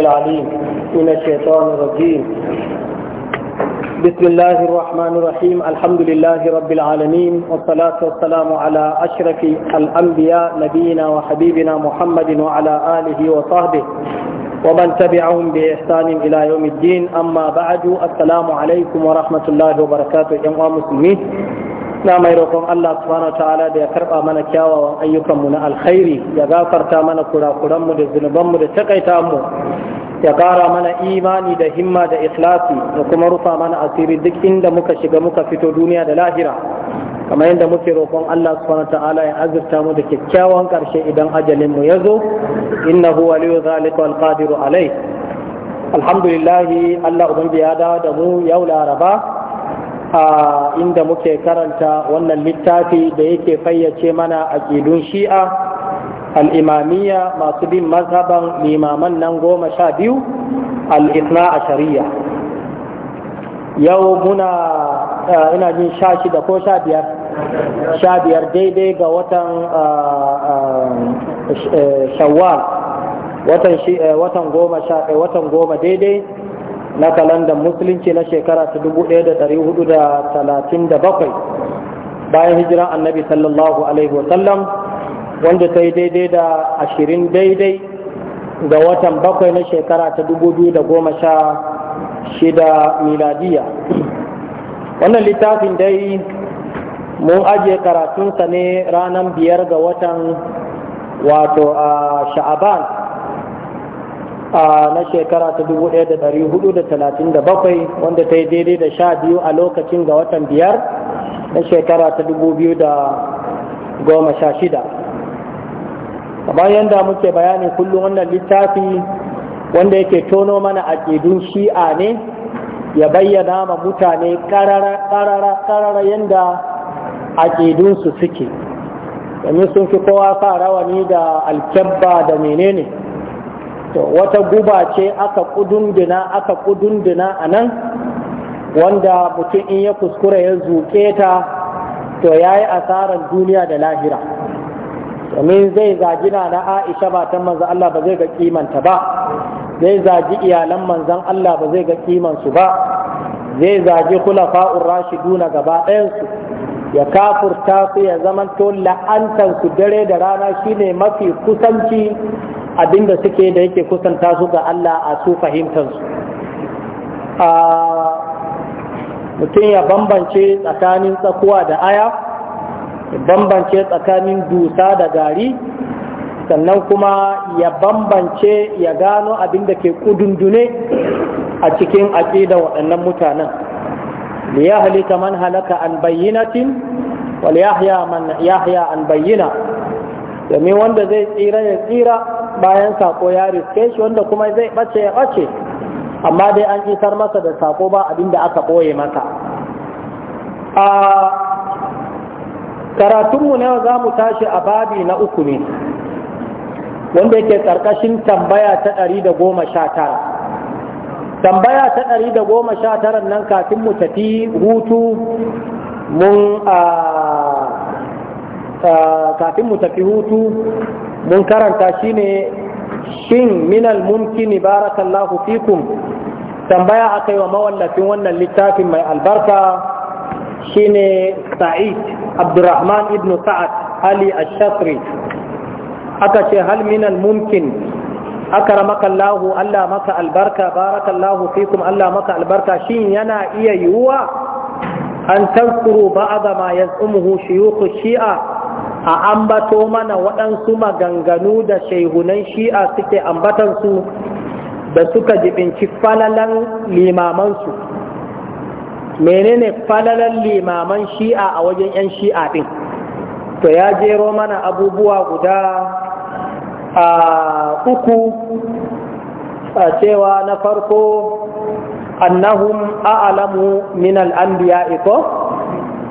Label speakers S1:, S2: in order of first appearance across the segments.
S1: العليم من الشيطان الرجيم بسم الله الرحمن الرحيم الحمد لله رب العالمين والصلاة والسلام على أشرف الأنبياء نبينا وحبيبنا محمد وعلى آله وصحبه ومن تبعهم بإحسان إلى يوم الدين أما بعد السلام عليكم ورحمة الله وبركاته يا مسلمين na mai roƙon Allah subhanahu ta'ala da ya karɓa mana kyawawan ayyukanmu na alkhairi ya gafarta mana kurakuranmu da zunubanmu da takaita mu ya ƙara mana imani da himma da ikhlasi da kuma rufa mana asiri duk inda muka shiga muka fito duniya da lahira kamar yadda muke roƙon Allah subhanahu ta'ala ya azurta mu da kyakkyawan ƙarshe idan ajalin mu ya zo innahu waliyyu zalika wal qadiru alai alhamdulillah Allah ubangi ya dawo da mu yau laraba a inda muke karanta wannan littafi da yake fayyace mana a aƙidun shi'a al'imamiya masu bin mazhaban limaman nan goma sha biyu al'isna a shari'a yau muna ina jin sha shida ko sha biyar sha biyar daidai ga watan shawwal watan goma daidai na kalandar musulunci na shekara ta bakwai. bayan hijiran annabi sallallahu alaihi wasallam wanda ta yi daidai da ashirin daidai ga watan bakwai na shekara ta shida miladiya wannan littafin dai mun ajiye karatunsa ne ranar biyar ga watan wato a sha'aban A na shekara ta 1437 wanda ta yi daidai da sha biyu a lokacin ga watan biyar na shekara ta da goma 2016 kamar yadda muke bayanin kullum wannan littafi wanda yake tono mana aƙidun shi'a ne ya bayyana ma mutane ƙarara yadda aƙidunsu suke domin sun fi kowa sa rawani da alkyabba da menene to wata guba ce aka kudundina aka kudundina a nan wanda mutum in ya kuskura ya zuke ta to ya yi asarar duniya da lahira domin zai zagi na na aisha ba ta manzan Allah ba zai ga kimanta ba zai zagi iyalan manzan Allah ba zai ga kimansu ba zai zagi kulafa'ur rashiduna gaba ɗayansu ya kafurta su ya zamanto la'antar su dare da rana shine mafi kusanci abinda suke da yake kusanta su ga Allah a su a mutum ya bambance tsakanin tsakuwa da aya ya bambance tsakanin dusa da gari sannan kuma ya bambance ya gano abinda ke kudundune a cikin da waɗannan mutanen liya halika man halaka an bayyinatin wal yahya man yahya an bayyina domin wanda zai tsira ya tsira bayan sako ya riske shi wanda kuma zai ɓace ya ɓace amma dai an isar masa da sako ba abin da aka ɓoye masa a karatunmu na za mu tashi a babi na uku ne wanda yake ƙarƙashin tambaya ta ɗari da goma sha tara tambaya ta ɗari da goma sha tara nan kafin mu tafi hutu mun a kafin mu tafi hutu mun karanta shine shin minal mumkini barakallahu fikum tambaya aka yi wa mawallafin wannan littafin mai albarka shine sa'id abdurrahman ibn sa'ad ali ashakri aka ce hal minal mumkin maka Allah Allah maka albarka barakallahu fikum Allah maka albarka shin yana iya yiwuwa an tankuru ba'da ma yazumuhu shuyukh shi'a a ambato mana waɗansu maganganu da shaihunan shi'a suke ambatansu da suka jibinci falalan limamansu menene falalan limaman shi'a a wajen 'yan shi'a ɗin to ya jero mana abubuwa guda a uku a cewa na farko annahum a'lamu min al-anbiya'i ko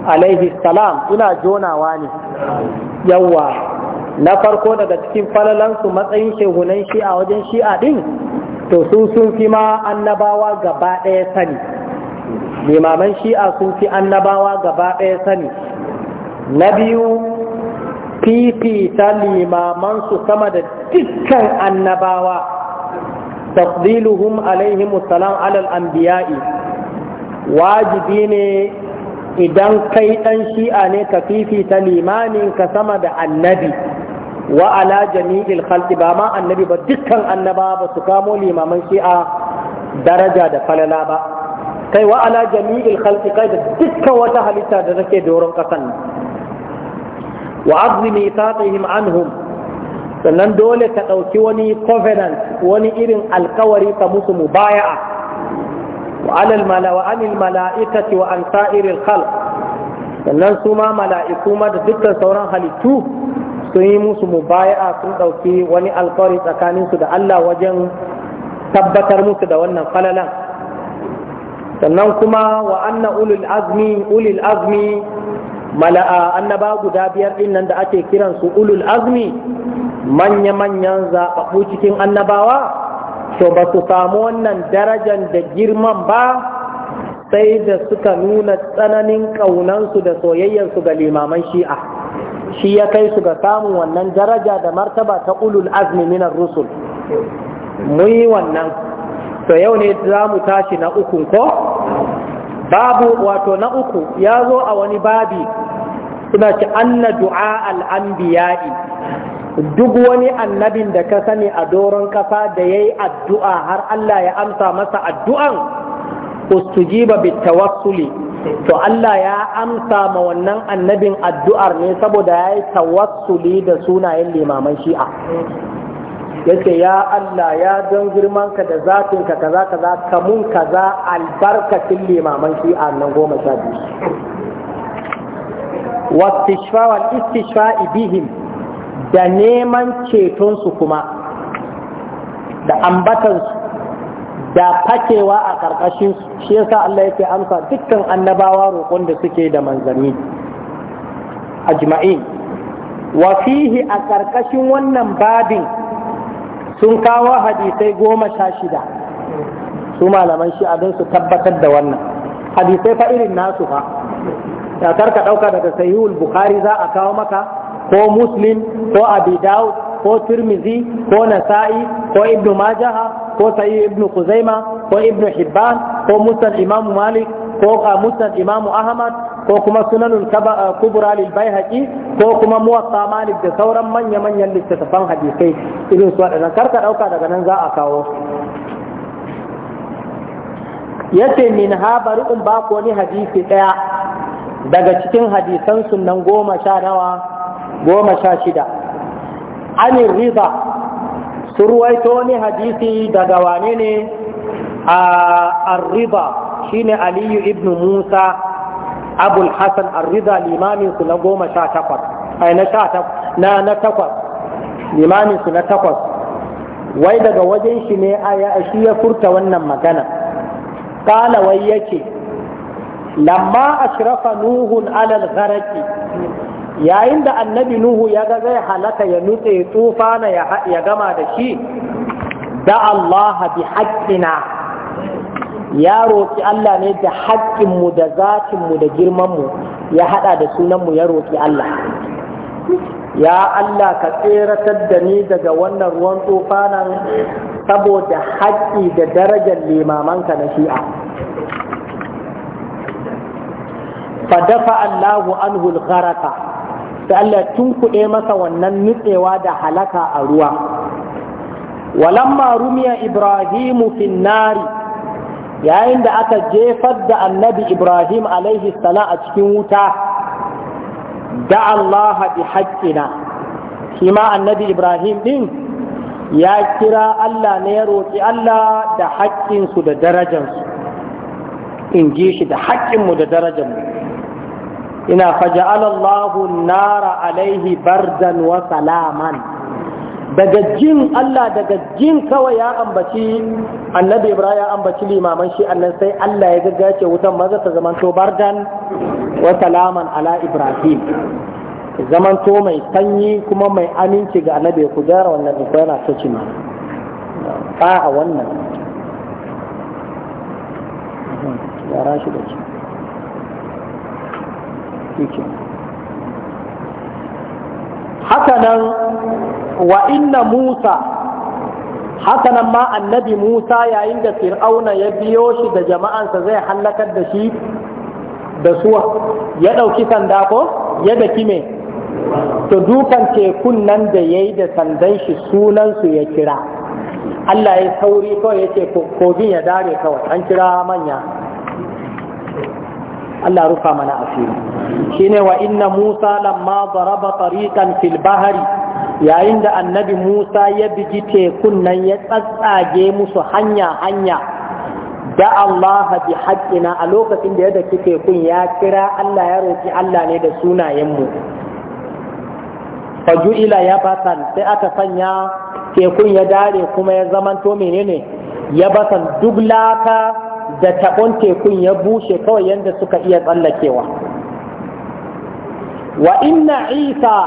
S1: alaihi salam ina jonawa ne yawa na farko daga cikin falalansu matsayin shehunan shi a wajen shi'a din to su sun fi ma annabawa gaba ɗaya sani limaman shi'a sun fi annabawa gaba ɗaya sani na biyu fifita su sama da dukkan annabawa tafdiluhum alaihi salam alal anbiya'i wajibi ne idan kai ɗan shi'a ne ka fifita limamin ka sama da annabi wa ala jami'il khalqi ba ma annabi ba dukkan annaba ba su kamo limaman shi'a daraja da falala ba kai wa ala jami'il khalqi kai da dukkan wata halitta da take doron kasan wa azmi mithaqihim anhum sannan dole ka ɗauki wani covenant wani irin alkawari ka musu mubaya'a وعلى الملا وعن الملائكة وعن سائر الخلق sannan su ma mala'iku ma da dukkan sauran halittu sun yi musu mubaya'a sun ɗauki wani alkawari tsakaninsu da Allah wajen tabbatar musu da wannan falalan sannan kuma wa anna ulul azmi ulul azmi mala'a annaba guda biyar din nan da ake kiransu ulul azmi manya-manyan zaɓaɓɓu cikin annabawa to ba su samu wannan darajan da girman ba sai da suka nuna tsananin ƙaunansu da soyayyarsu ga limaman shi'a shi ya kai su ga samun wannan daraja da martaba ta ulul azmi minar rusul mu yi wannan to yau ne za mu tashi na uku ko babu wato na uku ya zo a wani babi suna ci anna du'a al'ambiya'i duk wani annabin da ka sani a doron ƙasa da ya yi addu'a har Allah ya amsa masa addu'an ustujiba bitawassuli to Allah ya amsa ma wannan annabin addu'ar ne saboda ya yi tawassuli da sunayen limaman shi'a yake ya Allah ya don girmanka da zatinka kaza kaza ka mun kaza albarkacin limaman shi'a nan goma sha biyu واستشفاء والاستشفاء بهم da neman cetonsu kuma da ambatansu da fakewa a ƙarƙashin shi yasa Allah yake amsa dukkan annabawa roƙon da suke da manzanni ajma'in wa fihi a ƙarƙashin wannan babin sun kawo hadisai goma sha shida su malaman shi abin su tabbatar da wannan hadisai fa irin nasu fa ya ka ɗauka daga sahihul bukhari za a kawo maka ko muslim ko abi daud ko tirmizi ko nasa'i ko ibnu majaha ko sayyid ibnu kuzaima ko ibnu hibban ko musnad imamu malik ko musnad imamu ahmad ko kuma sunanul eh, kubra lil baihaqi ko kuma muwatta malik da sauran manya manyan littattafan hadisai irin su da karka dauka daga nan za a kawo yace min ha bari in ba ko ni hadisi daya daga cikin hadisan sunan goma sha nawa goma sha shida anin riba su ruwaito wani hadisi daga wane ne a arriba shine aliyu ibn musa abul hassan arriba limamin su na goma sha takwas na na takwas na takwas wai daga wajen shi ne a shi ya furta wannan magana kala wai yake lamma ashrafa nuhun alal gharaki yayin da annabi nuhu ya ga zai halaka ya nutse tufana ya gama da shi da Allah bi haƙƙina ya roƙi Allah ne da haƙƙinmu da zatinmu da girmanmu ya haɗa da sunanmu ya roƙi Allah ya Allah ka tseratar da ni daga wannan ruwan tsofanan saboda haƙƙi da darajar limamanka na shi'a dafa Allahu anhu al sai Allah ya tunkuɗe masa wannan nutsewa da halaka a ruwa walamma rumiya ibrahimu finnari yayin da aka jefar da annabi ibrahim alaihi salam a cikin wuta da Allah bi haƙƙina shi ma annabi ibrahim ɗin ya kira Allah ne ya roƙi Allah da haƙƙinsu da darajansu in ji shi da haƙƙinmu da darajanmu ina faja'alallahu nara alaihi bardan wa salaman daga jin Allah daga jin kawai ya ambaci annabi Ibrahim ya ambaci limaman shi annan sai Allah ya gaggace wutan maza ta zamanto bardan wa salaman ala Ibrahim zamanto mai sanyi kuma mai aminci ga annabi ku gyara wannan ku yana ta cima ba a wannan ya rashi da cima haka nan wa inna musa haka ma annabi musa yayin da fir'auna ya biyo shi da jama'ansa zai hallakar da shi da suwa ya ɗauki sanda ko ya daki me to dukan tekun nan da ya yi da sandan shi sunansu ya kira Allah ya sauri kawai ya ce kogin ya dare kawai an kira manya Allah rufa mana asiri shine wa inna Musa lamma daraba tariqan fil bahari yayin da annabi Musa ya bigi tekun nan ya tsatsage musu hanya hanya da Allah bi haƙƙina a lokacin da ya daki tekun ya kira Allah ya roki Allah ne da sunayenmu faju'ila ya batan sai aka sanya tekun ya dare kuma ya zamanto menene ya batan duk laka da taɓon tekun ya bushe kawai yadda suka iya tsallakewa wa inna isa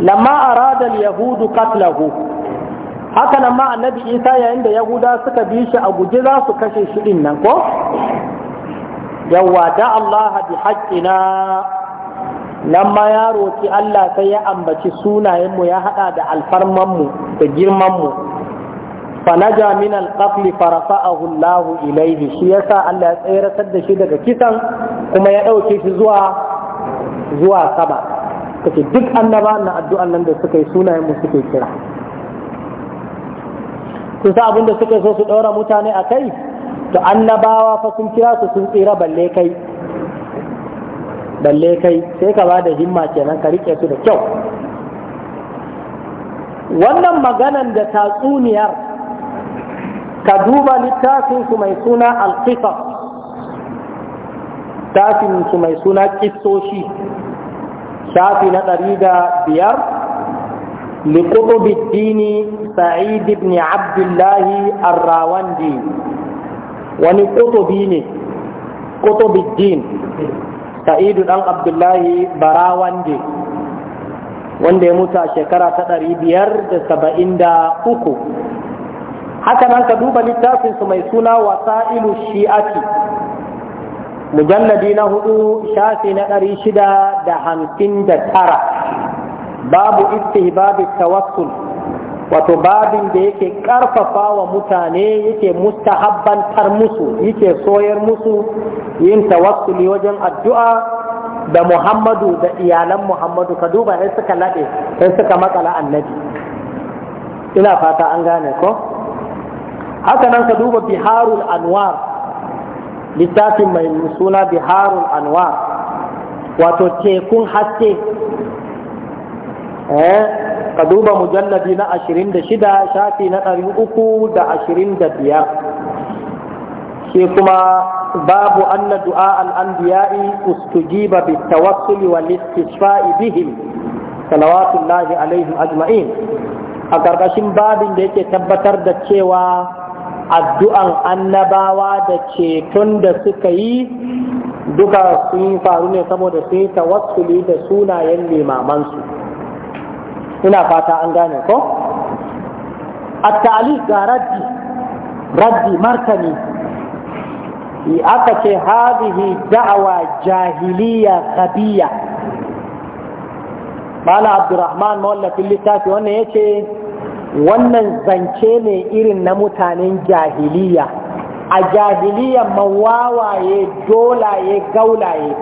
S1: lamma arada yahudu katlahu haka nan ma annabi isa yayin da yahuda suka bi shi a guji za su kashe shi din nan ko yawwa da allaha bi haqqina lamma ya roki allah sai ya ambaci sunayenmu ya haɗa da alfarmanmu da girmanmu fanaja min farafa farafa'ahu Allah ilayhi shi yasa Allah ya tsayar da shi daga kisan kuma ya dauke shi zuwa zuwa sama kace duk annaba na addu'an nan da suka yi sunayen mu suke kira kun abin da suka so su daura mutane a kai to annabawa fa sun kira su sun tsira balle kai balle kai sai ka ba da himma kenan ka rike su da kyau wannan maganan da tatsuniyar ka duba littafinsu mai suna alkifa littafinsu mai suna kistoshi shafi na ɗari da biyar likutubiddini sa'id ibn abdullahi arrawandi wani kutubi ne kutubiddin sa'id ɗan abdullahi barawandi wanda ya mutu a shekara ta ɗari biyar da saba'in da uku haka nan ka duba littafin su mai suna ilu shi'ati mujalladi na hudu shafi na ɗari shida da hamsin da tara babu istihbabi tawassul wato babin da yake karfafa wa mutane yake mustahabbantar musu yake soyar musu yin tawassuli wajen addu'a da muhammadu da iyalan muhammadu ka duba sai suka laɗe sai suka matsala annabi ina fata an gane ko haka nan ka duba biharul anwar littafin mai suna biharul anwar wato tekun haske eh, ka duba mujalladi na ashirin da shida shafi na ɗari uku da ashirin da biyar shi kuma babu anna du'a al-anbiya'i ustujiba bi tawassuli wal istisfa'i bihim salawatullahi alaihim ajma'in a ƙarƙashin babin da yake tabbatar da cewa addu’an annabawa da ceton da suka yi duka sun faru ne saboda sun yi tawassuli da sunayen limamansu. Ina fata an gane ko? A tali ga raddi, raddi martani, aka ce hadihi da'awa jahiliya kabiya. Bala Abdurrahman, mawallafin littafi wannan ya ce, wannan zance ne irin na mutanen jahiliya a jahiliya mawawaye dolaye gaulaye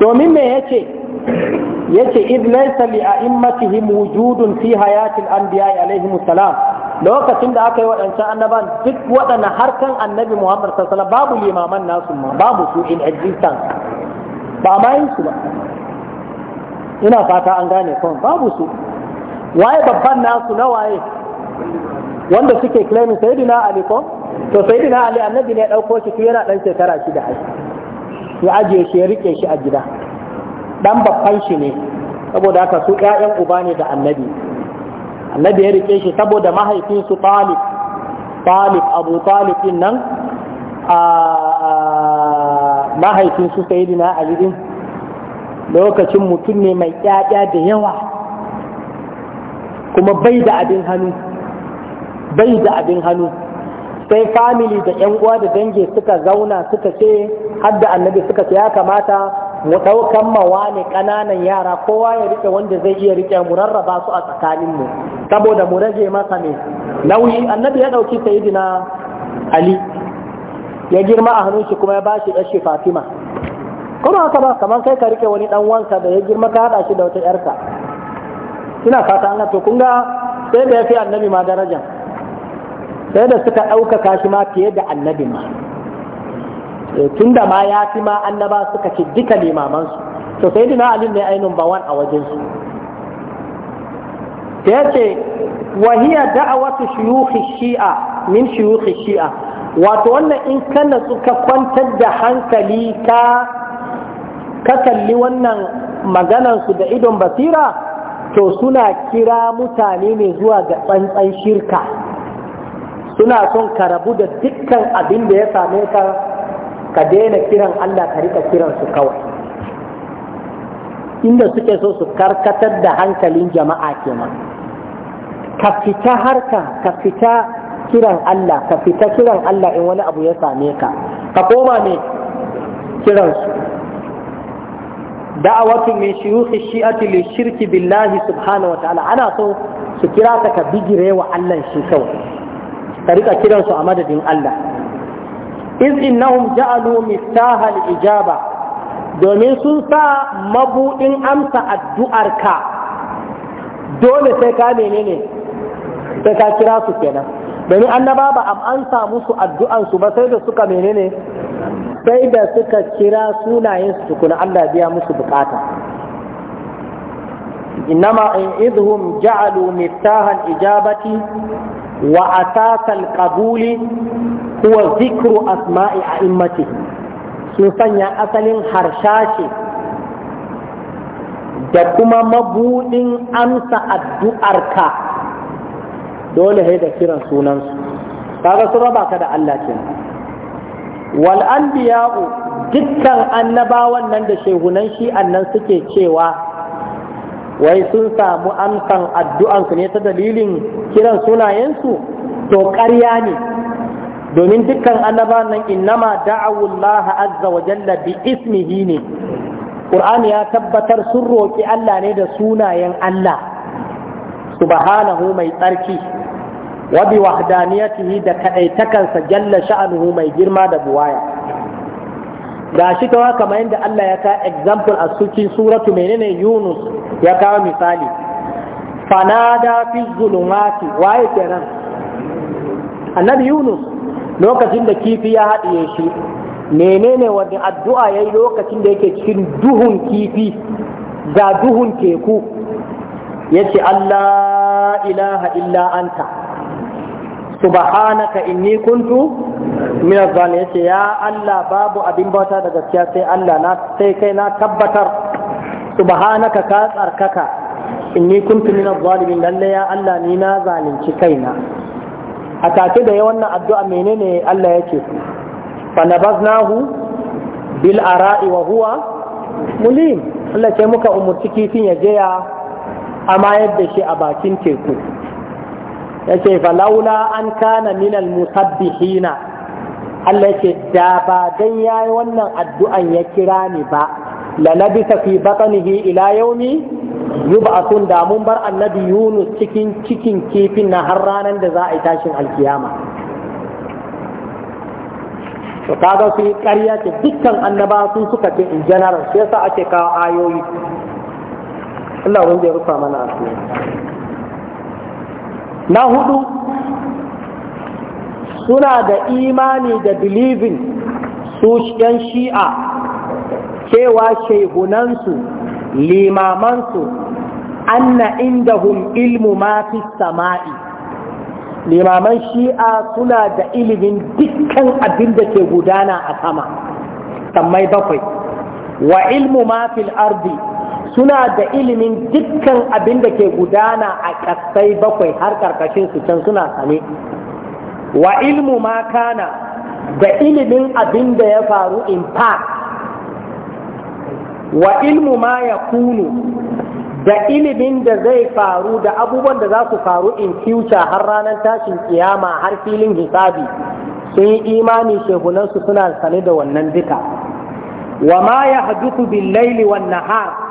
S1: domin me yace yace id laysa li wujudun fi hayatil anbiya alaihi salam lokacin da aka yi waɗancan annaban duk waɗanda harkan annabi Muhammad sallallahu babu limaman nasu ma babu su in existence ba ma yin su ba ina fata an gane kawai babu su waye babban nasu na waye wanda suke claiming sayyidina ali ko to sayyidina ali annabi ne dauko shi tun yana dan shekara shida aiki. ya aje shi ya rike shi a gida dan babban shi ne saboda haka su ƴaƴan uba ne da annabi annabi ya rike shi saboda mahaifin su talib talib abu talib din nan a mahaifin su sayyidina ali din lokacin mutum ne mai ƴaƴa da yawa kuma bai da abin hannu bai da abin hannu sai famili da ƴan uwa da dangi suka zauna suka ce har annabi suka ce ya kamata mu ɗaukan mawa ne ƙananan yara kowa ya rike wanda zai iya rike mu rarraba su a tsakanin mu saboda mu rage masa ne nauyi annabi ya ɗauki sayidina ali ya girma a hannun shi kuma ya bashi ɗan shi fatima kuma haka ba kamar kai ka rike wani dan wanka da ya girma ka hada shi da wata yarka ina fata an to kun ga sai da yafi annabi ma daraja sai da suka ɗaukaka shi ma fiye da annabi ma eh, tun da ma ya fi ma annaba suka ci duka limamansu to sai dina alin ne ainihin bawan a wajensu su ta ce wahiyar da'awatu shuyukh shi'a min shuyukh shi'a wato wannan in ka suka ka kwantar da hankali ka ka kalli wannan maganansu da idon basira to suna kira mutane ne zuwa ga tsantsan shirka suna son ka rabu da dukkan abin da ya same ka ka daina kiran Allah ka rika kiransu kawai inda suke so su karkatar da hankalin jama'a kenan ka fita harka ka fita kiran Allah ka fita kiran Allah in wani abu ya same ka ka koma ne kiransu da'awatu min shuyukhi shi'ati li shirki billahi subhanahu wa ta'ala ana so su kira ta ka bigire wa Allah shi kawai ka rika kiran su a madadin Allah iz innahum ja'alu miftaha al-ijaba domin sun sa mabudin amsa addu'ar ka dole sai ka menene sai ka kira su kenan domin annaba ba am an sa musu addu'an su ba sai da suka menene sai da suka kira sunayensu tukuna Allah biya musu bukata innama in idhum ja'alu miftahan ijabati wa asasal qabuli huwa zikru asma'i a'immati sun sanya asalin harshashi da kuma mabuɗin amsa addu'arka dole da kiran sunansu kaga su raba ka da Allah kenan wal anbiya'u dukkan annabawan nan da shehunan shi annan suke cewa wai sun samu amsan addu'ansu ne ta dalilin kiran sunayensu to ƙarya ne domin dukkan annabawan nan innama da'awullah azza wa jalla bi ismihi ne Qur'ani ya tabbatar sun roƙi Allah ne da sunayen Allah subhanahu mai tsarki wabi bi wahdaniyatihi da kadaitakansa jalla sha'anuhu mai girma da buwaya gashi kawa kamar yadda Allah ya ka example a cikin suratu menene Yunus ya kawo misali fanada fi zulumati waye kenan annabi Yunus lokacin da kifi ya haɗiye shi menene wani addu'a yayi lokacin da yake cikin duhun kifi ga duhun teku yace Allah ilaha illa anta subhanaka inni kuntu min az yace ya Allah babu abin bauta da gaskiya sai Allah na sai kai na tabbatar subhanaka ka tsarkaka inni kuntu min az lalle ya Allah ni na zalunci kaina a take da yawannan wannan addu'a menene Allah yake fa nabaznahu bil ara'i wa huwa mulim Allah ce muka umurci kifin ya je ya amayar da shi a bakin teku yace fa laula an kana minal musabbihina Allah ce da ba dan yayi wannan addu'an ya kira ni ba la labisa fi batnihi ila yawmi yub'athun da mun bar annabi Yunus cikin cikin kifin na har ranan da za a yi tashin alkiyama to kaga su yi ƙarya ce dukkan annaba su suka ce in general shi yasa ake kawo ayoyi Allah wanda ya rufa mana asiri na hudu suna da imani da believing su yan shi'a cewa shehunansu limamansu anna indahum ilmu ma fi sama'i limaman shi'a suna da ilimin dukkan abin da ke gudana a sama sammai bakwai wa ilmu ma fil ardi suna da ilimin dukkan abin da ke gudana a ƙasai bakwai har ƙarƙashin su can suna sane wa ilmu ma kana da ilimin abin da ya faru in fact wa ilmu ma ya kunu da ilimin da zai faru da abubuwan da za su faru in future har ranar tashin kiyama har filin hisabi sun yi imani shehunansu suna sane da wannan duka wa ma ya haduku bil laili nahar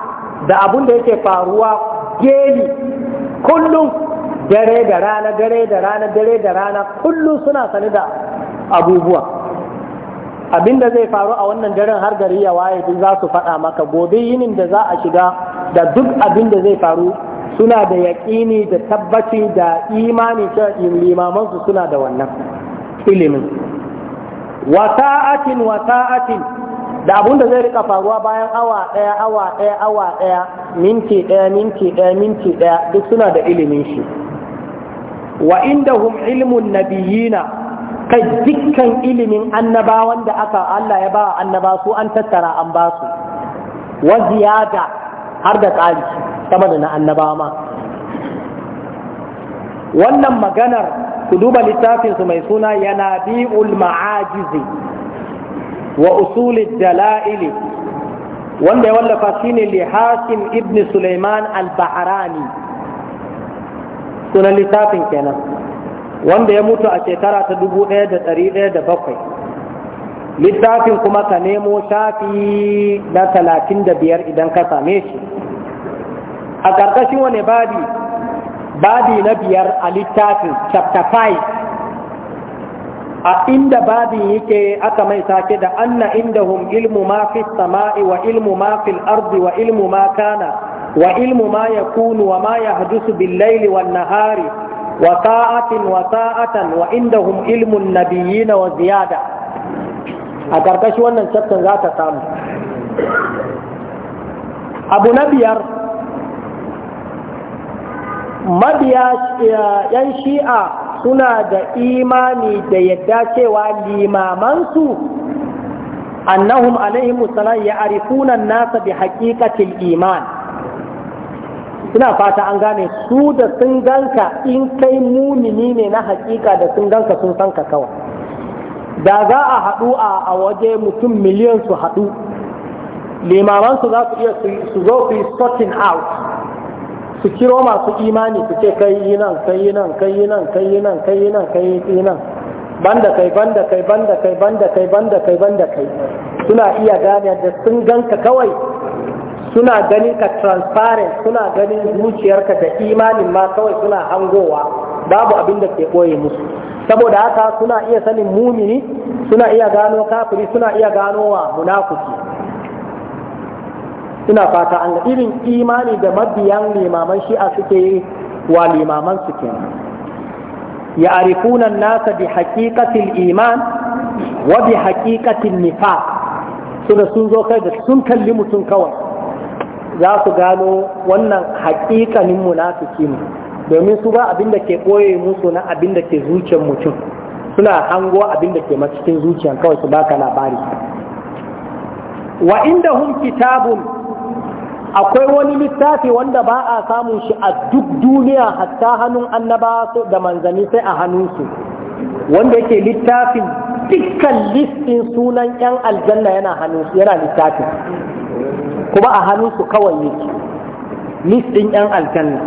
S1: da abun da yake faruwa geli kullum dare da rana dare da rana dare da rana kullum suna sani da abubuwa abinda zai faru a wannan daren har gari ya waye duk za su faɗa maka gobe yinin da za a shiga da duk abin da zai faru suna da yaƙini da tabbaci da imani limaman limamansu suna da wannan ilimin wasa'atin wasa'atin da abun da zai rika faruwa bayan awa ɗaya awa ɗaya awa ɗaya minti ɗaya minti ɗaya minti ɗaya duk suna da ilimin shi wa indahum ilmun nabiyina kai dukkan ilimin annabawan da aka Allah ya ba annaba su an tattara an ba su wa ziyada har da tsari sama da na annaba ma wannan maganar ku duba littafinsu mai suna yana bi'ul ma'ajizi wa usulid dala'ili wanda ya wallafa shine li hakim ibn Sulaiman al-Bahrani sunan littafin kenan wanda ya mutu a shekara ta dubu ɗaya da ɗari ɗaya da bakwai
S2: littafin kuma
S1: ka nemo shafi na talatin da biyar idan ka same shi a ƙarƙashin wani babi babi na biyar a littafin chapter 5 a inda babin yake aka mai sake da anna indahum ilmu ma fi sama'i wa ilmu ma fil ardi wa ilmu ma kana wa ilmu ma yakunu wa ma yahdusu bil laili wan nahari wa sa'atin wa sa'atan wa indahum ilmu nabiyina wa ziyada a karkashin wannan chapter za ta samu abu na biyar mabiya yan shi'a suna da imani da yadda cewa limamansu annahum alaihi musallam ya arifuna nasa bi haqiqatil iman ina fata an gane su da sun ganka in kai mumini ne na haƙiƙa da sun ganka sun san ka kawai da za a haɗu a a waje mutum miliyan su haɗu limamansu za su iya su zo su sorting out su kiro masu imani su ce kai yi nan kai yi nan kai yi nan kai yi nan kai yi nan kai yi nan banda kai banda kai banda kai banda kai banda kai banda kai suna iya gane da sun ganka kawai suna ganin ka transparent suna ganin zuciyarka da imanin ma kawai suna hangowa babu abin da ke ɓoye musu saboda haka suna iya sanin mumini suna iya gano kafiri suna iya gano wa munafuki ina fata an irin imani da mabiyan limaman shi'a suke wa limaman su kenan ya arifuna nasa bi haqiqatil iman wa bi nifa nifaq da sun zo kai da sun kalli mutum kawai za su gano wannan haƙiƙanin munafiki ne domin su ba abin da ke ɓoye musu na abin da ke zuciyar mutum suna hango abin da ke cikin zuciya kawai su baka labari wa inda hun kitabun akwai wani littafi wanda ba a samun shi a duk duniya hatta hannun annaba da manzanni sai a hannunsu wanda yake littafin dukkan listin sunan 'yan aljanna yana hannunsu yana littafin kuma a hannunsu kawai yake listin 'yan aljanna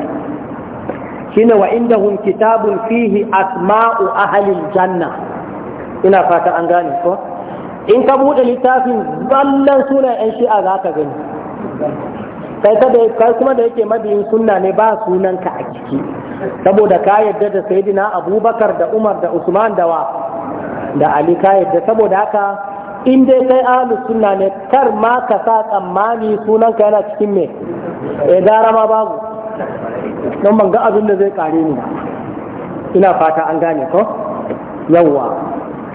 S1: shine wa inda hun kitabun fihi asma'u ahalil janna ina fata an gane ko in ka buɗe littafin ballan sunan 'yan shi'a za ka gani kai ka da kuma da yake mabiyin sunna ne ba ka a ciki saboda ka yadda da sayyidina abubakar da umar da usman da wa da ali ka yadda saboda haka in dai kai ahlus sunna ne kar ma ka sa tsammani sunanka yana cikin me eh gara ma babu don ban ga abin da zai kare ni ina fata an gane ko yawwa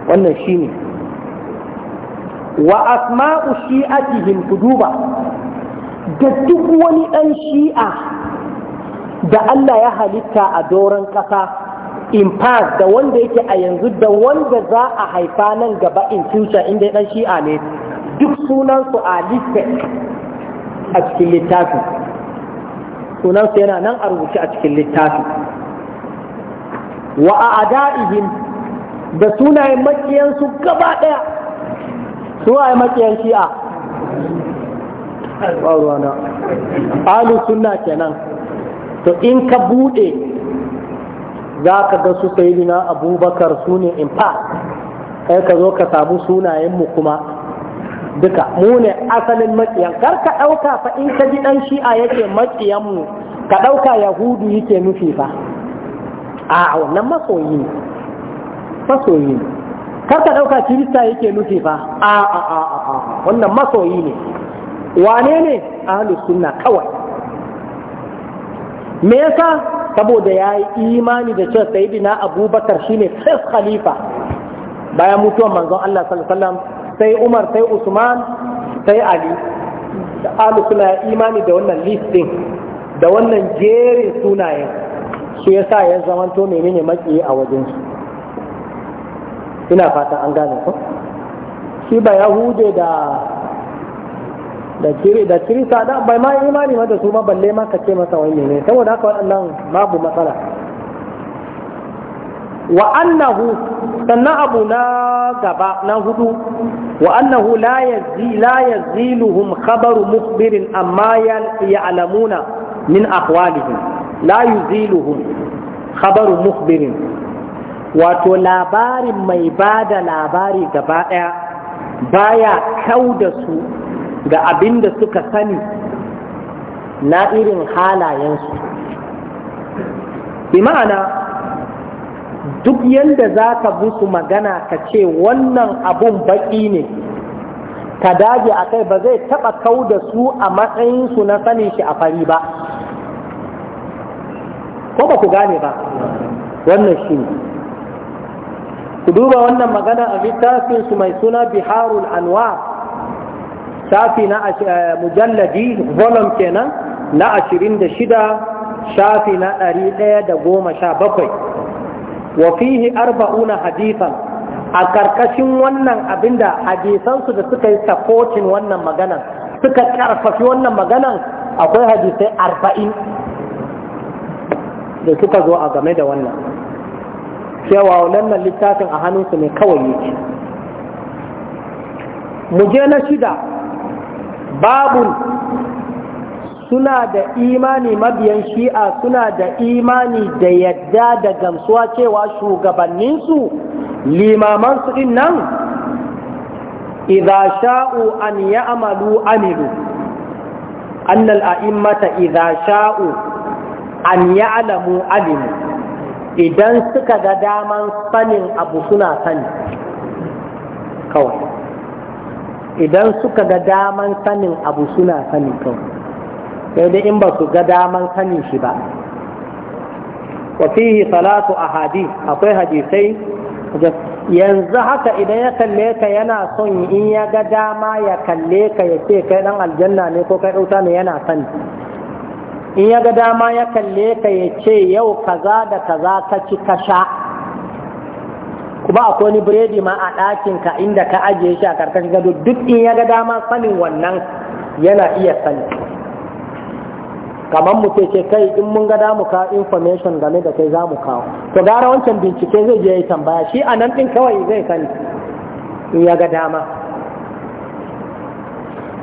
S1: wannan shine wa asma'u shi'atihim kuduba da duk wani ɗan shi'a da Allah ya halitta a doron ƙasa in fact da wanda yake a yanzu da wanda za a haifa nan gaba in future inda ɗan shi'a ne duk sunansu a listed a cikin littafi sunansu yana nan a rubuce a cikin littafi wa a ada'ihim da sunayen makiyansu gaba ɗaya sunayen makiyan shi'a alu suna kenan to in ka bude za ka ga su sayidina abubakar su ne in fa kai ka zo ka samu sunayenmu kuma duka mu ne asalin maƙiyan kar ka ɗauka fa in ka ji ɗan shi'a yake maƙiyanmu ka ɗauka yahudu yake nufi fa a wannan masoyi ne masoyi ne kar ka ɗauka kirista yake nufi fa a a a a wannan masoyi ne wane ne ahlus sunna kawai me yasa saboda ya yi imani da cewa sayyidina abubakar shine first khalifa bayan mutuwan manzon Allah sallallahu sai Umar sai Usman sai Ali ahlus sunna ya imani da wannan ɗin da wannan jerin sunayen su yasa ya zamanto menene maki a wajen su ina fata an gane ko shi ba yahude da da kiri da kiri da bai ma imani ma da su ma balle ma kace masa wai ne saboda haka waɗannan babu matsala wa annahu sannan abu na gaba na hudu wa annahu la yazi la yaziluhum khabaru mukhbirin amma ya'lamuna min ahwalihim la yuziluhum khabaru mukhbirin wato labarin mai bada labari gaba daya baya kau da su ga abin da suka sani na irin halayensu Imana duk yadda za ka musu magana ka ce wannan abun baƙi ne ka dage a kai ba zai taɓa kau da su a matsayinsu na sanin shi a fari ba ko ba ku gane ba wannan shi ne ku duba wannan magana a littafinsu mai suna biharul anwar shafi na eh, mujalladi volume kenan na ashirin da shida shafi na ɗari ɗaya da goma sha bakwai wa fihi arba'una hadithan a ƙarƙashin wannan abinda hadisansu da suka yi supporting wannan maganan suka ƙarfafi wannan maganan akwai hadisai arba'in da suka zo a game da wannan cewa wannan littafin a hannunsu ne kawai yake mu na shida babu suna da imani mabiyan shi'a suna da imani da yadda da gamsuwa cewa shugabanninsu limamansu din nan idza sha'u an ya'malu amilu annal a'immata idza sha'u an ya'lamu alimu idan suka ga daman sanin abu suna sani kawai idan suka ga daman sanin abu suna sani kawai sai dai in ba su ga daman sanin shi ba wa fihi salatu ahadi akwai hadisai yanzu haka idan ya kalle ka yana son in ya ga dama ya kalle ka ya ce kai dan aljanna ne ko kai dauta ne yana sani in ya ga dama ya kalle ka ya ce yau kaza da kaza ka ci ka sha kuma akwai wani biredi ma a ɗakin ka inda ka ajiye shi a ƙarƙashin gado duk in ya ga dama sanin wannan yana iya sani kamar mu ce kai in mun ga damu ka information game da kai za mu kawo to gara wancan bincike zai je ya tambaya shi a nan ɗin kawai zai sani in ya ga dama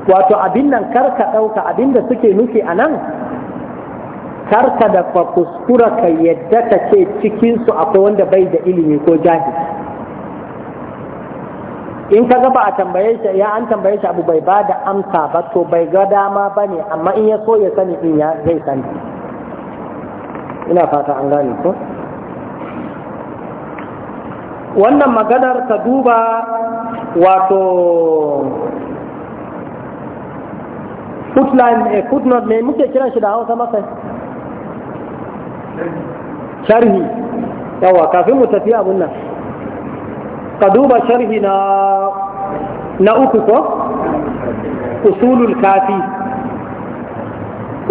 S1: wato abin nan kar ka ɗauka abin da suke nufi a nan karka da kuskura ka yadda ka ce cikinsu akwai wanda bai da ilimi ko jahili in ka gaba a tambaye shi ya an tambaye shi abu bai ba da amsa ba to bai ga dama ba ne amma in ya so ya sani in ya zai sani ina fata an gane ko wannan maganar ka duba wato eh, footnote mai muke kiran shi da hausa masai sharhi yawa kafin mu tafi abun nan ka duba sharhi na na uku ko
S2: usulul kafi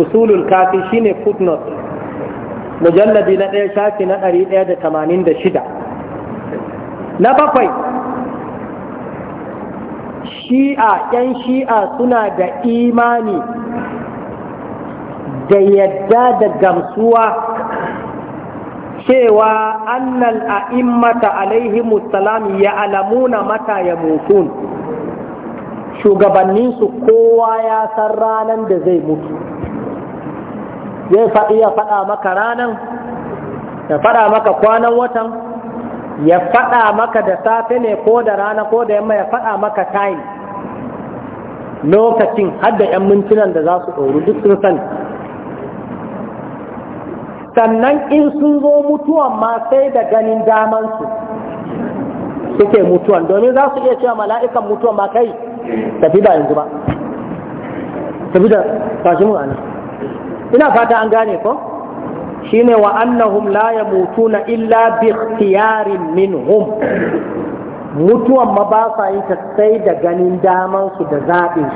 S1: usulul kafi shine footnote mujalladi na ɗaya shafi na ɗari ɗaya da tamanin da shida na bakwai shi'a ‘yan shi'a suna da imani da yadda da gamsuwa cewa annal a'immata alaihi musallam ya alamuna mata ya mutun su kowa ya san ranar da zai mutu zai faɗi ya faɗa maka ranar ya faɗa maka kwanan watan ya faɗa maka da safe ne ko da rana ko da yamma ya faɗa maka time lokacin har da 'yan mintunan da za su ɗoru duk sun sani sannan in sun zo mutuwan ma sai da ganin damansu suke mutuwan domin za su iya cewa mala'ikan mutuwan ma kai tafi da yanzu ba tafi da tashi mun ana ina fata an gane ko ne wa annahum la na illa bi ikhtiyarin minhum mutuwan ma ba sa yi ta sai da ganin damansu da zaɓin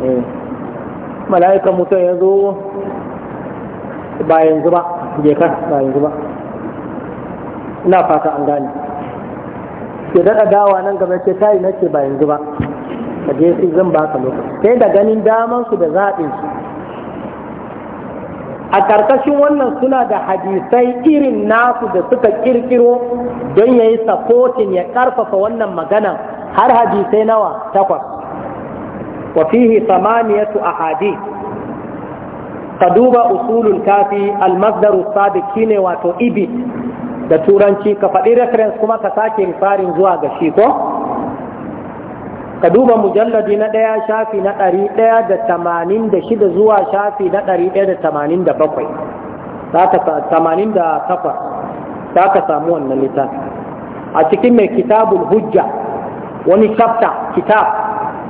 S1: su eh. mala'ikan mutuwan ya zo ba yanzu ba je kan ba yanzu ba ina fata an gane ke daɗa dawa nan gaba ce tayi nake ba yanzu ba ka je su zan baka lokaci sai da ganin daman su da zaɓin su a ƙarƙashin wannan suna da hadisai irin nasu da suka ƙirƙiro don ya yi sapotin ya ƙarfafa wannan magana har hadisai nawa takwas wa fihi samaniyatu ahadith ka duba usulul kafi almasdar sabiq shine wato ibi da turanci ka faɗi reference kuma ka sake rifarin zuwa ga shi ko ka duba mujalladi na ɗaya shafi na ɗari ɗaya da tamanin da shida zuwa shafi na ɗari ɗaya da tamanin da bakwai tamanin da takwas za ka samu wannan littafi a cikin mai kitabul hujja wani chapter kitab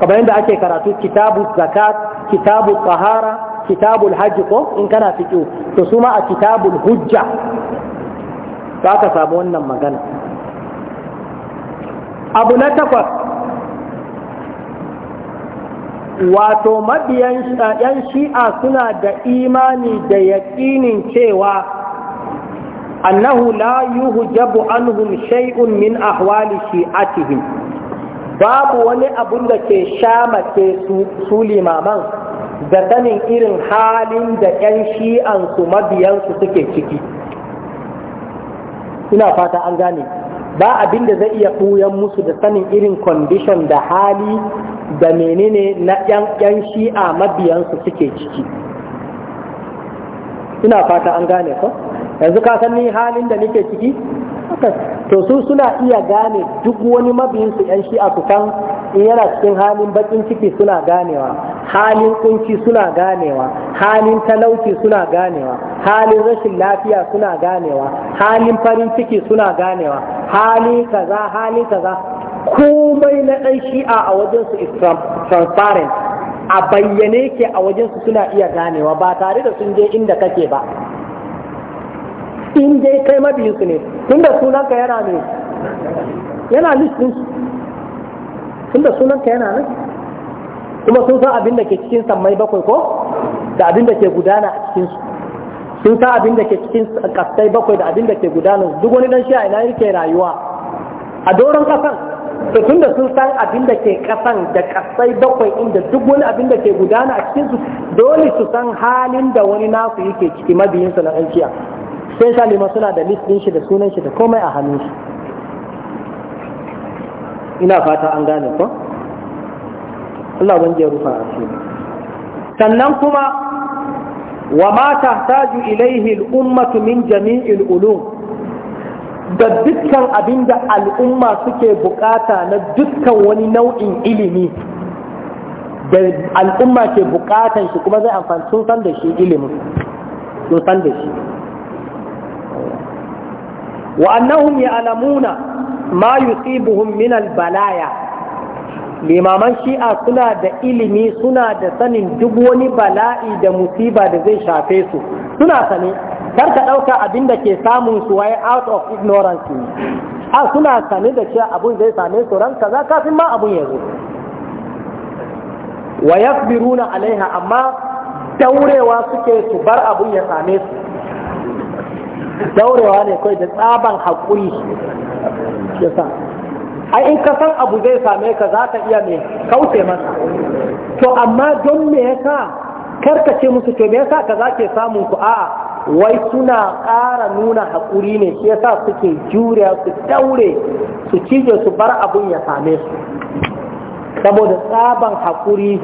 S1: kamar yadda ake karatu kitabu zakat kitabu tsahara kitabul hajji ko in kana fiƙo to su ma a kitabul hujja za ka samu wannan magana abu na takwas wato mabiyan yan shi'a suna da imani da yaƙinin cewa annahu la yuhjabu anhum shay'un min ahwali shi'atihim babu wani abun da ke sha shamake su limaman da sanin irin halin da 'yan shi'ansu mabiyansu suke ciki ina fata an gane ba abin da zai iya ɓuyan musu da sanin irin condition da hali da menene na 'yan shi'a mabiyansu suke ciki ina fata an gane ko yanzu ka san ni halin da nake ciki to su suna iya gane duk wani mabiyin su yan shi'a su kan in yana cikin halin bakin ciki suna ganewa halin kunci suna ganewa halin talauci suna ganewa halin rashin lafiya suna ganewa halin farin ciki suna ganewa hali kaza hali kaza komai na 'yan shi'a a wajen su is transparent a bayyane ke a wajen su suna iya ganewa ba tare da sun je inda kake ba in dai kai mabiyin su ne tunda sunanka yana ne yana listin su tunda sunanka yana nan kuma sun san abin da ke cikin sammai bakwai ko da abin da ke gudana a cikin su sun san abin da ke cikin kasai bakwai da abin da ke gudana duk wani dan shi a ina yake rayuwa a doron kasan to tunda sun san abin da ke kasan da kasai bakwai inda duk wani abin da ke gudana a cikinsu dole su san halin da wani nasu yake ciki mabiyinsu na ɗan sa liman suna da list shi da sunan shi da komai a hannun shi ina fata an gane ko Allah ban ya rufa shi sannan kuma wa ma tahtaju ilaihi al-ummatu min jami'il ulum da dukkan abin da al'umma suke bukata na dukkan wani nau'in ilimi da al'umma ke bukatan shi kuma zai amfani sun san da shi ilimin sun san da shi wa annahum ya'lamuna ma yusibuhum min balaya limaman shi'a suna da ilimi suna da sanin duk wani bala'i da musiba da zai shafe su suna sane kar ka ɗauka abin da ke samun su waye out of ignorance a suna sane da cewa abun zai same su ran kaza kafin ma abun ya zo wa alaiha amma daurewa suke su bar abun ya same su daurewa ne kawai da tsaban haƙuri yasa ai in ka san abu zai same ka za ka iya mai kauce masa to amma don me yasa karka ce musu to me yasa ka za ke samun ku a wai suna ƙara nuna haƙuri ne shi yasa suke jure su daure su cije su bar abun ya same su saboda tsaban haƙuri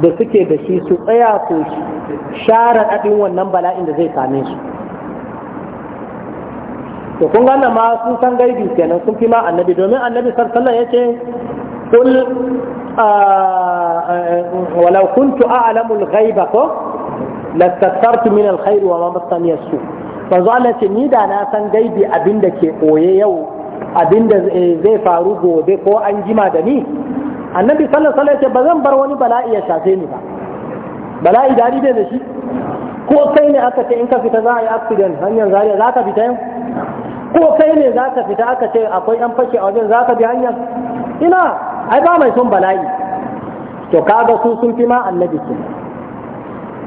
S1: da suke da shi su tsaya su share ɗaɗin wannan bala'in da zai same su to kun gane ma sun san gaibi kenan sun fi ma annabi domin annabi sallallahu ya ce kul walau kuntu a'lamu al-ghaiba ko lastattartu min al-khair wa ma bastani yasu su Allah ce ni da na san gaibi abinda ke koye yau abinda zai faru gobe ko an jima da ni annabi sallallahu alaihi wasallam ba zan bar wani bala'i ya shafe ni ba bala'i dari da shi ko sai ne aka ce in ka fita za a yi accident hanyar zariya za ka fita yau ko kai ne za ka fita aka ce akwai yan fashe a wajen za ka bi hanyar ina ai ba mai son bala'i to kaga su sun fi ma annabi su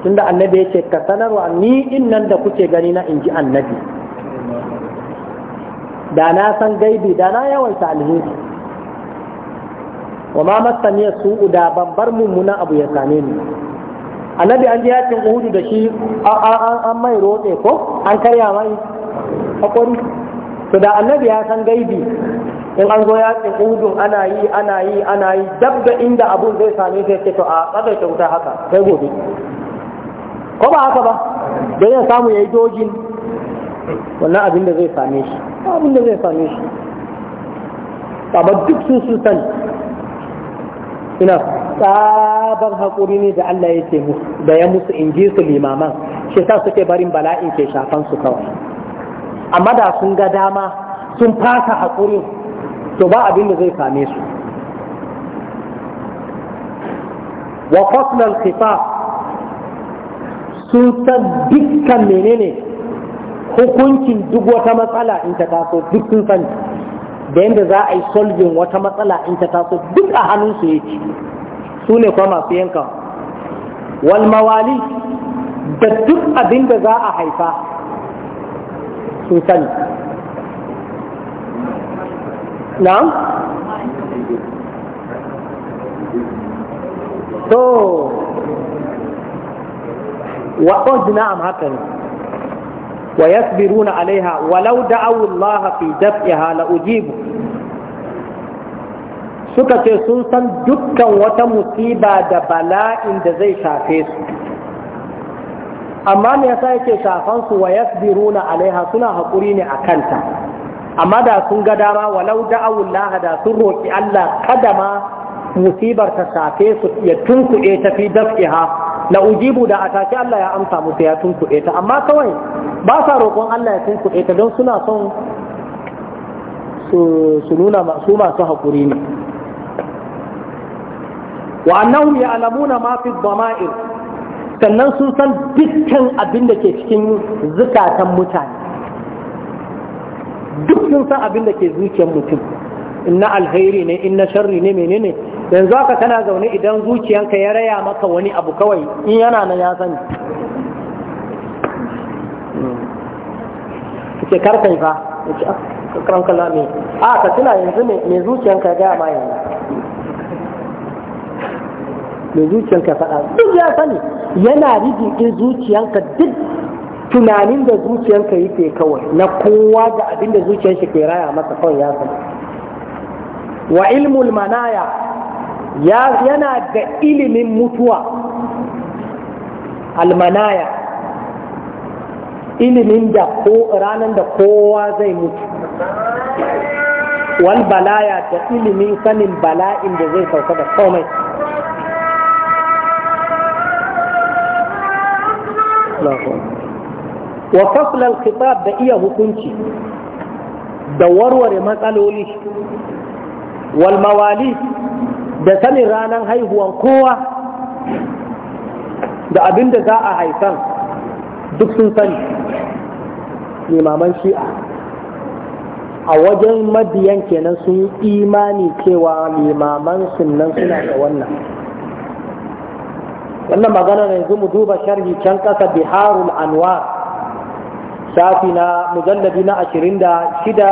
S1: tunda annabi ya ce ka sanarwa ni in nan da kuke gani na in ji annabi da na san gaibi da na yawan alheri wa ma masaniya su da babbar mummuna abu ya same ni annabi an ji yakin uhudu da shi an mai roɗe ko an karya mai hakuri to da annabi ya san gaibi in an zo yakin udun ana yi ana yi ana yi dab da inda abun zai same shi ce to a ta wuta haka sai gobe ko ba haka ba dan ya samu ya yi wannan abin da zai same shi abin da zai same shi amma duk sun su sani ina tsabar hakuri ne da Allah ya ce musu da ya musu in ji su limaman shi sa suke barin bala'in ke shafan su kawai amma da sun ga dama sun fasa haƙurin to ba abin da zai same su wa faslal khifa sun san dukkan menene hukuncin duk wata matsala in ta taso duk sun sani da yadda za a yi solving wata matsala in ta taso duk a hannunsu yake su ne kuma masu yanka wal mawali da duk abin da za a haifa sun sani na'am to wa oh, na'am haka ne ويصبرون عليها ولو دعوا fi في دفعها ujibu suka ce sun san dukkan wata musiba da bala'in da zai shafe su amma me yasa yake shafan su wa na alaiha suna hakuri ne a kanta amma da sun ga dama walau da'awul da sun roki Allah kada ma musibar ta safe su ya tunkuɗe ta fi daf'iha la ujibu da ataki Allah ya amsa musu ya tunkuɗe ta amma kawai ba sa roƙon Allah ya tunkuɗe ta don suna son su nuna su masu hakuri ne wa annahum ya'lamuna ma fi dhama'ir sannan sun san dukkan abin da ke cikin zukatan mutane duk sun san abin da ke zuciyar mutum inna alheri ne inna sharri ne menene yanzu haka kana zaune idan zuciyanka ya raya maka wani abu kawai in yana nan ya sani ce karkai fa ah, kakran kala me a ah, ka tuna yanzu me zuciyanka gaya ma yanzu me zuciyanka faɗa duk ya sani yana rigingin zuciyanka duk tunanin da zuciyanka yake kawai na kowa da abin da shi ke raya masa kawai ya san wa ilmul manaya yana da ilimin mutuwa almanaya ilimin da ko ranar da kowa zai mutu wal balaya da ilimin sanin bala'in da zai sauka da komai wa fasl al-khitab da iya hukunci da warware matsaloli wal mawali da sanin ranar haihuwan kowa da abinda za a haifan duk sun sani limaman shi'a a wajen mabiyan kenan sun imani cewa limaman sunan suna da wannan wannan magana yanzu mu duba sharhi can kasa biharul anwar shafi na mujallabi na ashirin da shida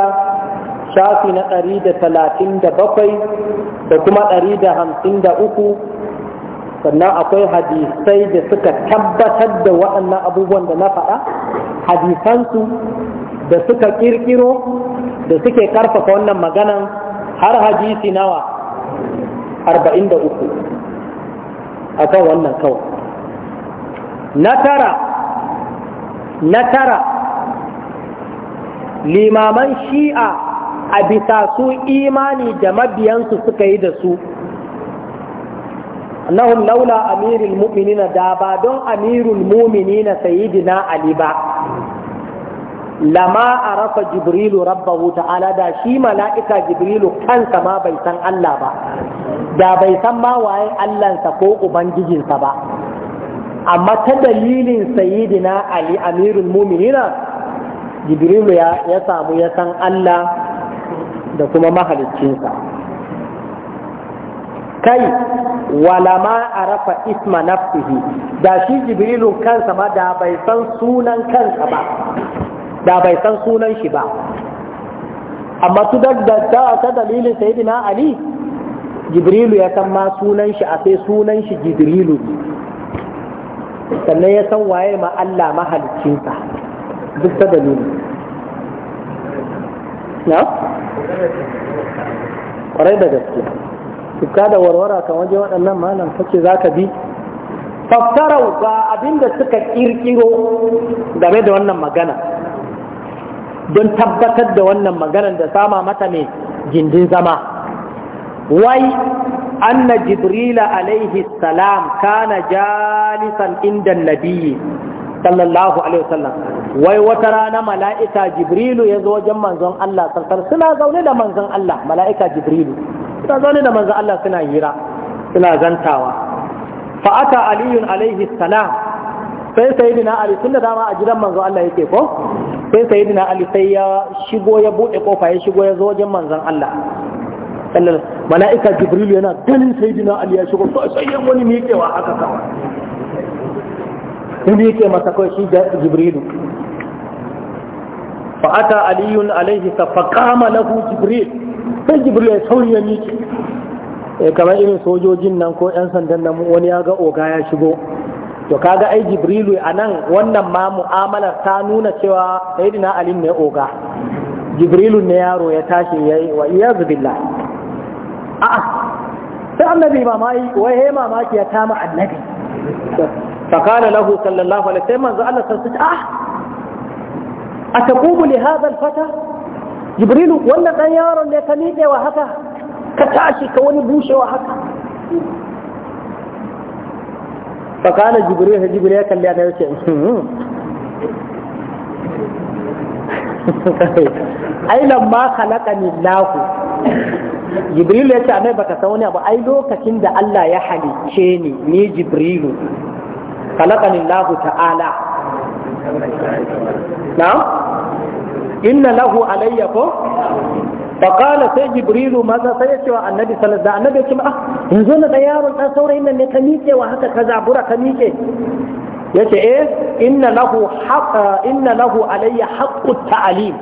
S1: shafi na ɗari da talatin da bakwai da kuma ɗari da hamsin da uku sannan akwai hadisai da suka tabbatar da waɗannan abubuwan da na faɗa hadisansu da suka ƙirƙiro da suke ƙarfafa wannan maganan har hadisi nawa arba'in da uku akan wannan kawai na tara na tara limaman shi'a a bisa su imani da mabiyansu suka yi da su annahum laula amirul mu'minina da ba don amirul mu'minina sayyidina ali ba lama a arafa jibrilu rabbahu ta'ala da shi mala'ika jibrilu kansa ma bai san Allah ba da bai san ma waye Allahnsa ko Ubangijinsa ba amma ta dalilin sayidina Ali amirul muminina Jibrilu ya, samu ya san Allah da kuma mahaliccinsa kai walama arafa isma nafsihi da shi Jibrilu kansa ma da bai san sunan kansa ba da bai san sunan shi ba amma su da ta dalilin sayidina Ali jibrilu ya san ma sunan shi a sai sunan shi jibrilu sannan ya san waye ma Allah mahalicinsa duk ta dalili na? kwarai da gaske tuka da warwara kan waje waɗannan malam kace za ka bi Fassarar ba abinda suka kirkiro game da wannan magana don tabbatar da wannan maganar da sama mata mai gindin zama wai anna jibrila alaihi salam kana jalisan inda nabiyyi sallallahu alaihi wasallam wai wata rana mala'ika jibrilu ya zo wajen manzon Allah sarkar suna zaune da manzon Allah mala'ika jibrilu suna zaune da manzon Allah suna hira suna zantawa fa aka aliyun alaihi salam sai sayyidina ali tun dama a gidan manzon Allah yake ko sai sayyidina ali sai ya shigo ya bude kofa ya shigo ya zo wajen manzon Allah sallallahu mala'ika jibril yana ganin sai ali ya shigo to sai wani miƙe wa haka kawai in miƙe masa kawai shi jibrilu fa ata aliyun alaihi sa fa na lahu jibril sai jibril ya sauri ya miƙe eh, kamar irin sojojin nan ko yan sandan nan wani ya ga oga ya shigo to kaga ai jibrilu a nan wannan ma mu'amalar ta nuna cewa sayyidina ali ne oga jibrilu ne yaro ya tashi yayi wa iyaz billah a'a sai annabi ba wai mamaki ya ta annabi fakana lahu sallallahu alaihi wasallam manzo Allah sai ce a'a atakubu li hadha fata jibril wannan dan yaron ne ka nide wa haka ka tashi ka wani bushe wa haka fakana jibril jibril ya kalle annabi ce hmm. ai lamma khalaqani jibrilu ya ce a amai baka san wani abu ai lokacin da Allah ya halicce ni ni jibrilu khalaqani lahu ta'ala na'am inna lahu alayya ko sai سي جبريل ماذا سيأتي النبي صلى الله عليه وسلم النبي كما yanzu na da yaron dan saurayin nan ne ka miƙe wa haka ka zabura ka miƙe yace eh inna lahu alayya haqqu ta'lim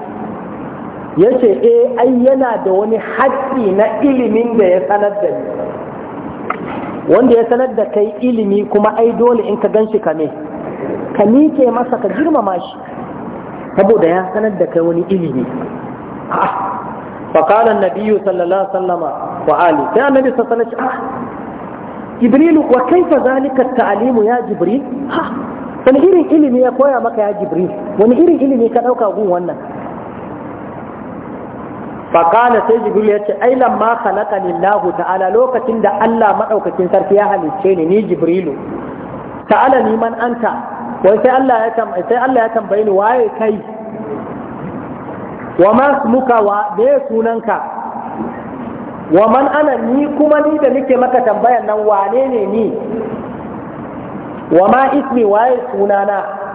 S1: ya ce eh ai yana da wani haƙƙi na ilimin da ya sanar da ni wanda ya sanar da kai ilimi kuma ai dole in ka ganshi ka ne. ka miƙe masa ka girmama shi saboda ya sanar da kai wani ilimi فقال النبي صلى الله عليه وسلم وآله يا النبي صلى الله عليه وسلم آه جبريل وكيف ذلك التعليم يا جبريل ها wani irin ilimi ya koya maka ya jibril wani irin ilimi ka ɗauka gun wannan fakana sai jibril ya ce ailan ma khalaqa lillahu ta'ala lokacin da Allah madaukakin sarki ya halicce ni ni jibrilu ta'ala ni man anta wai sai Allah ya sai Allah ya tambaye ni waye kai wa ma muka wa me sunanka wa man ana ni kuma ni da nake maka tambayan nan wane ne ni wa ma ismi waye sunana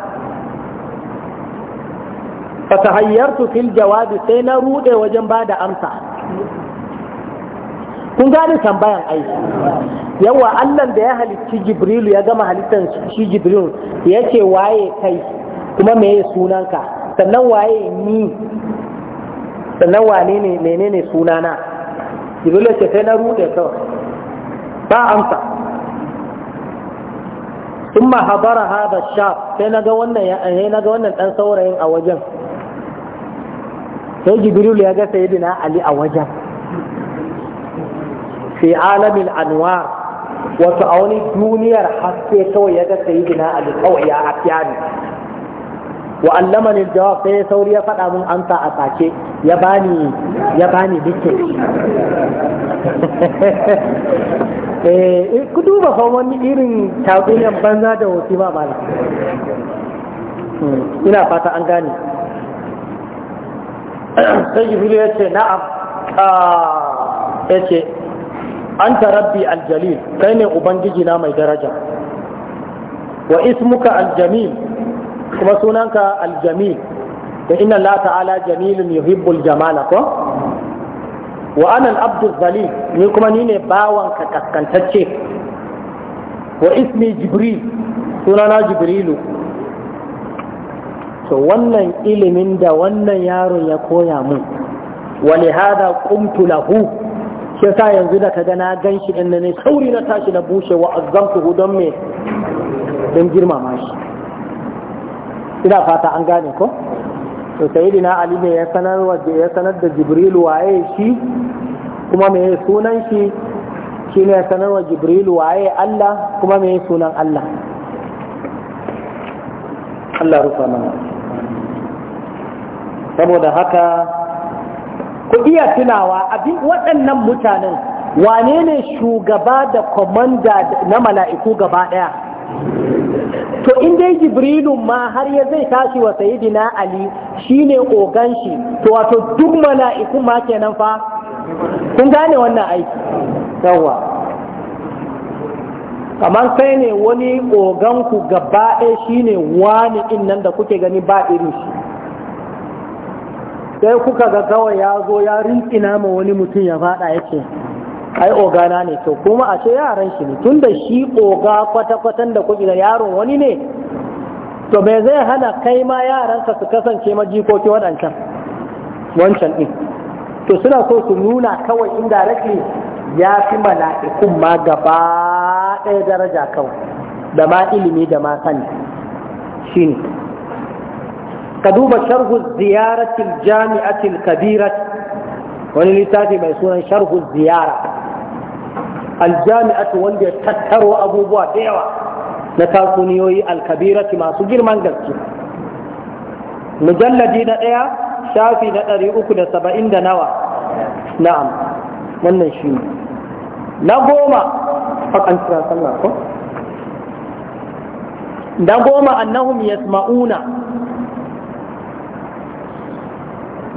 S1: fatahayyartu fil jawabi sai na rude wajen ba da amsa kun gane tambayan ai yawa Allah da ya halitti Jibrilu ya gama halittar shi Jibrilu ya ce waye kai kuma meye sunanka sannan waye ni sannan wane ne menene sunana Jibrilu ya ce sai na rude kawai ba amsa ثم حضر هذا الشاب sai naga wannan ya sai naga wannan dan saurayin a wajen sai jibril ya ga sayyidina ali a wajen fi alamin anwar wato a wani duniyar haske kawai ya ga sayyidina ali kawai ya afiya ne wa allamanin jawab sai ya sauri ya faɗa mun amsa a sace ya bani ya bani dike eh ku duba fa wani irin tatsuniyan banza da wasu ba mala hmm, ina fata an gane sai jibril ya ce na'am ah, ya ce an rabbi aljalil kai ne ubangiji na mai daraja wa ismuka aljamil kuma sunanka aljamil da inna la ta'ala jamilun yuhibbul jamala ko wa ana al-abdu zalil ni kuma ni ne bawanka kaskantacce wa ismi jibril sunana jibrilu to wannan ilimin da wannan yaron ya koya mun wani hada kumtu lahu shi sa yanzu da gana na ganshi din ne sauri na tashi na bushe wa azzamtuhu don me don girmama shi ina fata an gane ko to sayyidina ali ne ya sanar da ya sanar da jibril waye shi kuma me sunan shi ne ya sanar wa jibril waye Allah kuma me sunan Allah Allah rufa mana saboda haka ku iya tunawa abin waɗannan mutanen wane ne shugaba da komanda na mala'iku gaba ɗaya to in dai jibrilu ma har ya zai tashi wa sayidina ali shine ogan shi to wato duk mala'iku ma kenan fa kun gane wannan aiki yawwa kamar sai ne wani oganku gaba ɗaya shine wani in nan da kuke gani ba irin shi sai kuka ga kawai ya zo ya rinkina ma wani mutum ya faɗa ya ce ai ogana ne to kuma a ce yaran shi ne tunda shi oga kwata-kwatan da kuɗi da yaron wani ne to me zai hana kai ma yaransa su kasance majikoki waɗancan wancan ɗin to suna so su nuna kawai indirectly ya fi mala'ikun ma gaba ɗaya daraja kawai da ma ilimi da ma sani shine ka duba sharhu ziyaratil jami'atil kabirat wani littafi mai sunan sharhu ziyara aljami'atu wanda ya tattaro abubuwa da yawa na tasuniyoyi alkabirati masu girman gaske mujalladi na ɗaya shafi na ɗari uku da saba'in da nawa na'am wannan shi na goma fakan kira sallah ko na goma yasma'una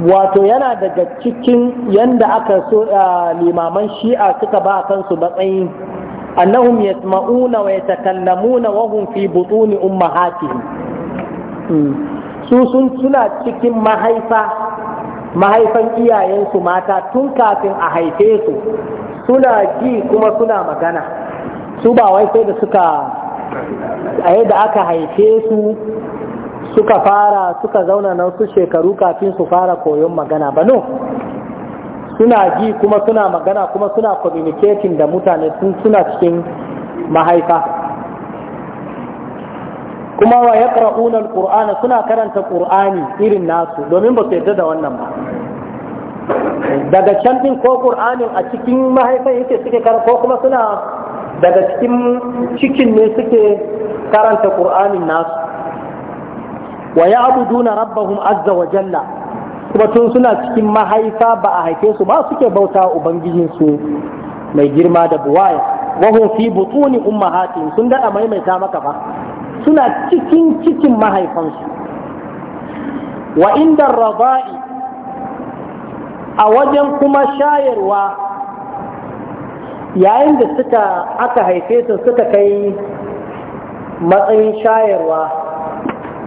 S1: wato yana daga cikin yanda aka so a limaman shi'a suka ba kansu matsayin annahum yasma'una wa yatakallamuna wa hum fi butuni ummahatihim hmm. su sun suna cikin mahaifa mahaifan iyayensu mata tun kafin a haife su suna ji kuma suna magana su ba wai sai da suka a yadda aka haife su suka fara suka zauna na wasu shekaru kafin su fara koyon magana ba no suna ji kuma suna magana kuma suna communicating da mutane sun suna cikin mahaifa kuma wa ya ƙara'unar suna karanta ƙur'ani irin nasu domin ba su yarda da wannan ba daga can ko ƙur'anin a cikin mahaifan yake suke karanta ko kuma suna daga cikin cikin ne suke karanta ƙur'anin nasu wa ya'buduna rabbahum azza wa jalla kuma tun suna cikin mahaifa ba a haife su ba suke bauta ubangijin mai girma da buwaya wa hum fi butuni ummahatihim sun dada maimaita maka ba suna cikin cikin mahaifansu wa inda rabai a wajen kuma shayarwa yayin da suka aka haife su suka kai matsayin shayarwa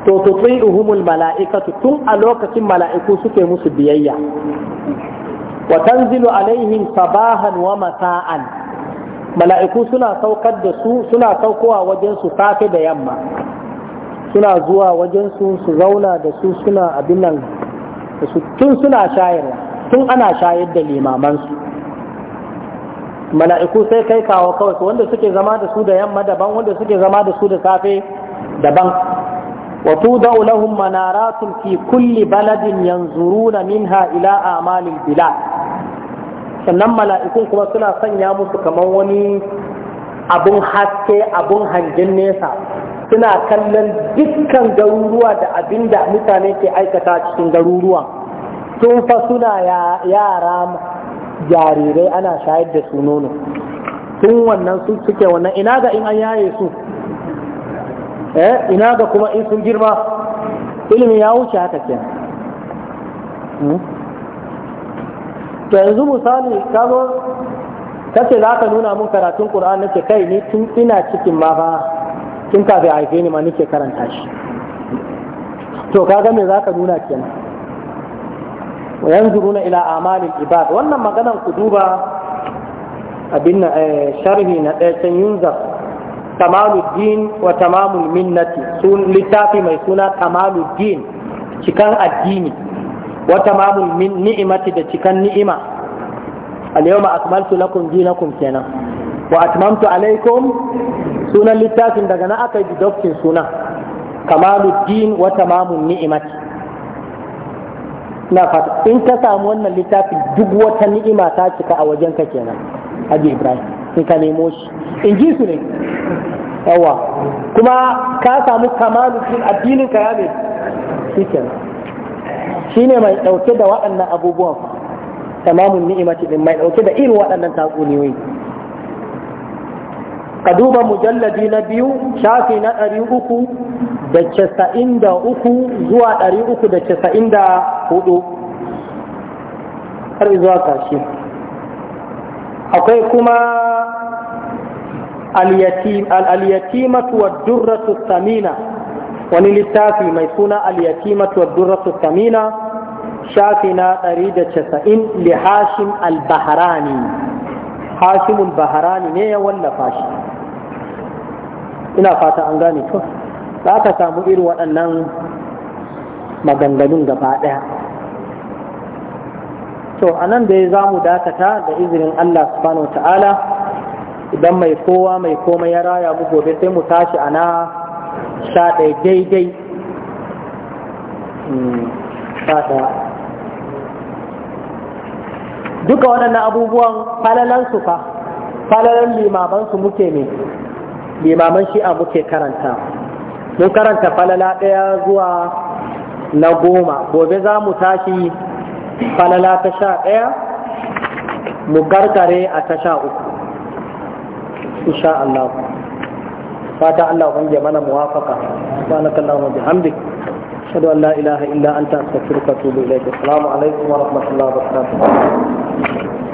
S1: to tuti'uhumul mala'ikatu tun a lokacin mala'iku suke musu biyayya wa tanzilu alaihim sabahan wa masa'an mala'iku suna saukar da su suna saukowa wajen su safe da yamma suna zuwa wajen su su zauna da su suna abin nan da su tun suna shayarwa tun ana shayar da limaman su mala'iku sai kai kawo kawai wanda suke zama da su da yamma daban wanda suke zama da su da safe daban وتوضع لهم منارات في كل بلد ينظرون منها إلى أعمال البلاد sannan mala'ikun kuma suna sanya musu kamar wani abun haske abun hangen nesa suna kallon dukkan garuruwa da abin da mutane ke aikata cikin garuruwa tun fa suna yara jarirai ana shayar da su nono tun wannan su suke wannan ina ga in an yaye su Eh, ina ga kuma in sun girma ilimi ya wuce haka ke hmm? to yanzu misali ka zo kace za ka nuna mun karatun qur'an nake kai ni tun ina cikin ma fa tun fi haife ni ma nake karanta shi to kaga me za ka nuna kenan ila amalin Ibad, wannan maganan ku duba abin na eh, sharhi na ɗaya can yunzar kamaluddin wa tamamul minnati sun littafi mai suna kamaluddin cikan addini wa tamamul ni'imati da cikan ni'ima al-yawma akmaltu lakum dinakum kenan wa atmamtu alaykum sunan littafin daga na aka yi doctrine suna kamaluddin wa tamamul ni'imati na fata in ka samu wannan littafin duk wata ni'ima ta cika a wajenka kenan Haji Ibrahim sai ka nemo shi in ji su ne yawa kuma ka samu kamalu cikin addinin ka yabe cikin shi ne mai ɗauke da waɗannan abubuwan tamamun ni'imati din mai ɗauke da irin waɗannan tatsuniyoyi ka duba mujalladi na biyu shafi na ɗari uku da casa'in da uku zuwa ɗari uku da casa'in da hudu har zuwa ƙarshe akwai kuma al-yatimatu wa wani littafi mai suna al-yatimatu wa shafi na 190 li hashim al-bahrani hashim al-bahrani ne ya wallafa shi ina fata an gane to za ka samu irin waɗannan maganganun gaba ɗaya to a nan dai za mu dakata da izinin Allah subhanahu wa ta'ala idan mai kowa mai komai ya raya mu gobe sai mu tashi a sha ɗaya daidai hmm, duka waɗannan abubuwan falalansu fa falalan limaman su muke ne limaman shi'a muke karanta mun karanta falala ɗaya zuwa na goma gobe za mu tashi falala ta sha ɗaya mu gargare a ta sha uku insha Allah fata Allah ban ya mana muwafaka subhanaka allahumma bihamdik ashhadu an la ilaha illa anta astaghfiruka wa atubu ilayk assalamu alaikum wa rahmatullahi wa barakatuh